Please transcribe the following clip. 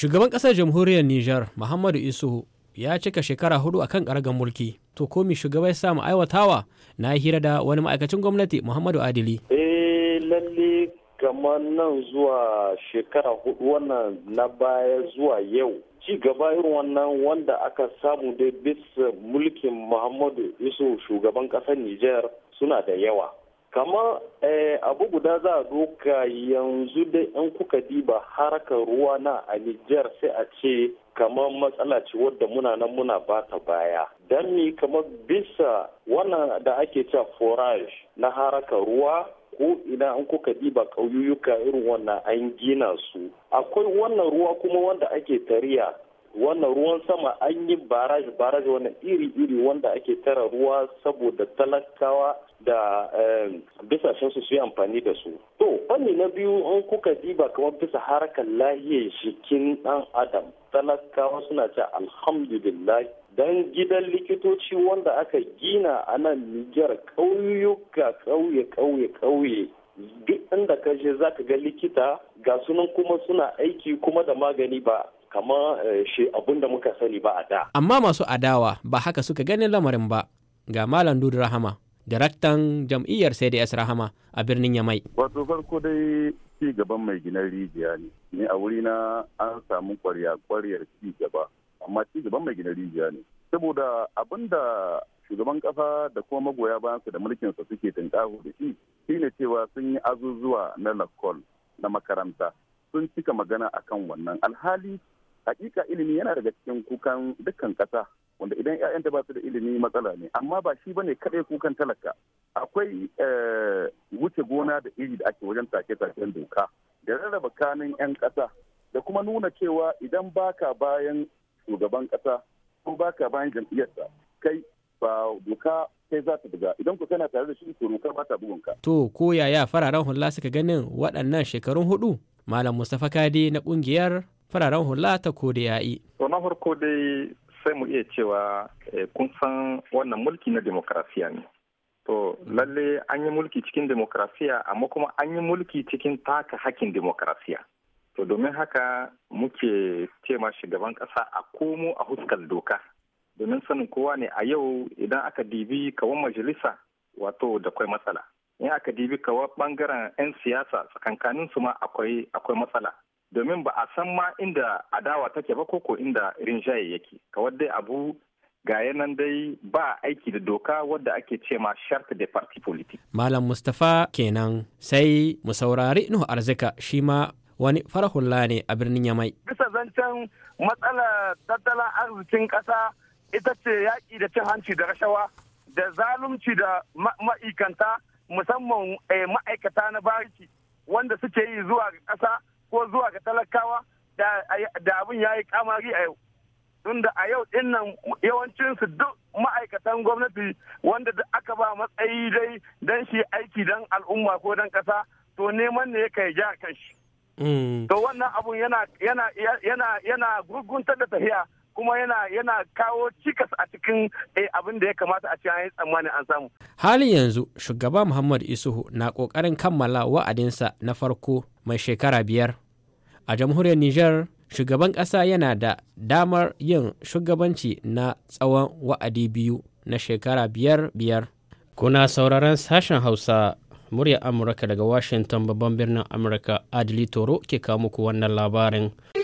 Shugaban kasar jamhuriyar Nijar Muhammadu Isuhu ya cika shekara hudu a kan karagar mulki. To komi shugaba ya samu aiwatawa na hira da wani ma'aikacin gwamnati Muhammadu Adili. Eh lallai kamar nan zuwa shekara hudu wannan na baya zuwa yau ci gaba irin wannan wanda aka samu dai bisa mulkin muhammadu isu shugaban kasar niger suna da yawa kamar eh, abu guda za a doka yanzu dai in kuka diba harkar ruwa na a Nijar sai a ce kamar matsala ce wadda muna nan muna ba ta baya don mi kamar bisa wannan da ake cewa forage na harkar ruwa ko ina an kuka diba ƙauyuyuka irin wannan an gina su akwai wannan ruwa kuma wanda ake tariya wannan ruwan sama an yi baraji baraji wannan iri-iri wanda ake tara ruwa saboda talakawa da eh, bisashen su yi amfani da su to fanni na biyu in kuka diba kamar bisa harkar lahiyar shikin dan adam talakawa suna ce alhamdulillah dan gidan likitoci wanda aka gina a nan nijar ƙauyuka ƙauye ƙauye ƙauye duk inda ka je za ka ga likita ga sunan kuma suna aiki kuma da magani ba kama eh, shi abin da muka sani ba a da. Amma masu adawa ba haka suka ganin lamarin ba ga Malam Dudu Rahama, daraktan jam'iyyar CDS Rahama a birnin Yamai. Wato farko dai ci gaban mai ginar rijiya ne, ni a wuri na an samu kwarya kwaryar ci gaba, amma ci gaban mai ginar rijiya ne. Saboda abin da shugaban kasa da kuma magoya bayansa da mulkin sa suke tunkaho da shi ne cewa sun yi azuzuwa na lakol na makaranta sun cika magana akan wannan alhali hakika ilimi yana daga cikin kukan dukkan kasa wanda idan 'ya'yanta ba su da ilimi matsala ne amma ba shi bane kadai kukan talaka akwai eh, wuce gona da iri da ake wajen take-taken doka da rarraba kanin 'yan kasa da kuma nuna cewa idan baka bayan shugaban kasa ko baka bayan jam'iyyarsa kai ba doka kai za ta buga idan ku kana tare da shi to doka ba ta bugunka. To ko yaya fararen hula suka ganin waɗannan shekarun hudu Malam Mustapha Kade na ƙungiyar fararen hula ta ya yayi. To na farko dai sai mu iya cewa eh, kun san wannan mulki na demokrasiya ne. To lalle an yi mulki cikin demokrasiya amma kuma an yi mulki cikin taka hakin demokrasiya. To domin haka muke ce ma shugaban ƙasa a komo a huskar doka. Domin sanin kowa ne a yau idan aka dibi kawan majalisa wato da kwai matsala. In aka dibi kawan ɓangaren 'yan siyasa tsakankanin su ma akwai matsala. domin ba a san ma inda adawa take ba koko inda rinjaye yake kawai dai abu ga yanan dai ba aiki da doka wadda ake ce ma shart da parti politics. Malam Mustapha kenan sai mu saurari Nuhu Arzika shi ma wani farahulla ne a birnin Yamai. Bisa zancen matsalar tattalin arzikin ƙasa ita ce yaƙi da cin hanci da rashawa da zalunci da ma'aikanta musamman eh, ma'aikata na bariki wanda suke yi zuwa ƙasa ko zuwa ga talakawa da abin ya yi kamari a yau tunda a yau din nan yawancinsu duk ma'aikatan gwamnati wanda aka ba matsayi dai don shi aiki don al'umma ko don ƙasa to neman ne ka ya jihar kanshi. Mm. To wannan abun yana yana gurguntar da tafiya kuma yana yana kawo cikas a cikin eh, abin da ya kamata a cikin yi tsammanin an samu. Halin yanzu shugaba Muhammad Isuhu na kokarin kammala wa'adinsa na farko mai shekara biyar. A jamhuriyar Nijar shugaban ƙasa yana da damar yin shugabanci na tsawon wa'adi biyu na shekara biyar biyar. Kuna sauraron sashen Hausa murya Amurka daga Washington babban birnin Amurka Adli Toro ke kawo muku wannan labarin.